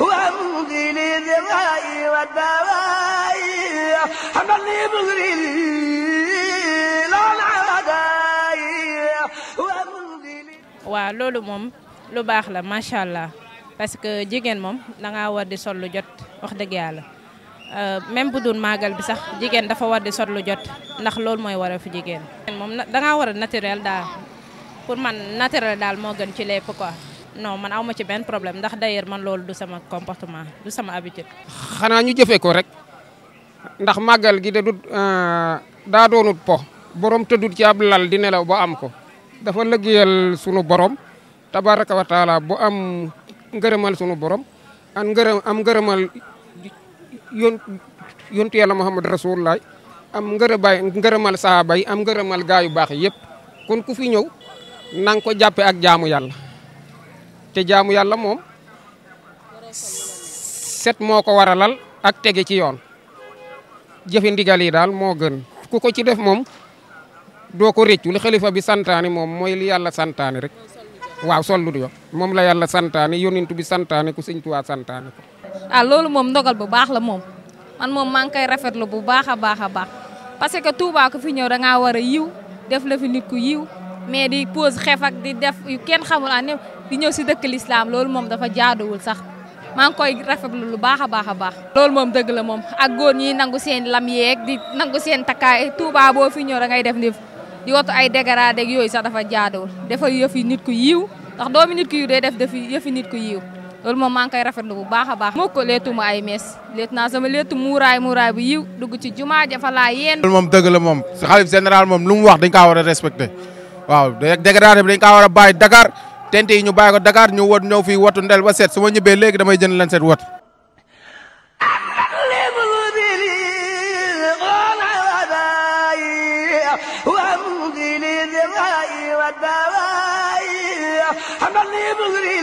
وامضي waaw loolu moom lu baax la macha allah parce que jigéen moom danga ngaa war di sol lu jot wax dëgg yàlla euh, même bu dul màggal bi sax jigéen dafa war di sol lu jot ndax loolu mooy war a fi jigéen. moom da ngaa war a naturel daal pour man naturel daal moo gën ci lépp quoi. non man aw ci benn problème ndax d'ailleurs man loolu du sama comportement sama habitude. xanaa ñu jëfee ko rek ndax màggal gi da du euh, daa doonut po borom tëddut ci ab lal di nelaw boo am ko dafa lëggéeyal sunu borom tabaraka wa taala bu am ngërëmal sunu borom an ngërëm am ngërëmal yon yontu yàlla Muhammad rasulullah am ngërëbaay ngërëmal saaba yi am ngërëmal gaayu baax yëpp kon ku fi ñëw na nga ko jàppee ak jaamu yàlla. te jaamu yalla mom set moko waralal ak tege ci yoon jeffi ndigal yi dal mo gën ku ko ci def mom do ko reccu li khalifa bi santaane mom moy li yalla santaane rek waaw sol do mom la yalla santaane yonentou bi santani ko seigne touba santaane ko ah lolou mom ndogal bu baax la mom man mom mang kay rafetlu bu baax a baax parce que touba ko fi ñew da nga wara yiw def la fi nit ku yiw mais di pose xef ak di def yu kenn xamul ah, ne di ñëw si dëkk lislaam loolu moom dafa jaaduwul sax maa ngi koy rafetlu lu baax a baax a baax. loolu moom dëgg la moom ak góor ñi nangu seen lam yeeg di nangu seen takkaay Touba boo fi ñëw da ngay def ndif di watu ay dégradé yooyu sax dafa jaaduwul defal yëfi nit ku yiw ndax doomi nit ku yiw day def defi yëfi nit ku yiw loolu moom maa ngi koy rafetlu bu baax a baax. moo leetu ma ay mees leet naa sama leetu muuraay muuraay bu yiw dugg ci jumaa jafa laa moom dëgg la moom xalif général moom lu mu wax dañ kaa war a waaw dégradation bi dañ kaa war a bàyyi Dakar tente yi ñu bàyyi ko Dakar ñu wot ñëw fii watu ndel ba set su ma ñibbee léegi damay jënd leen set I'm not leaving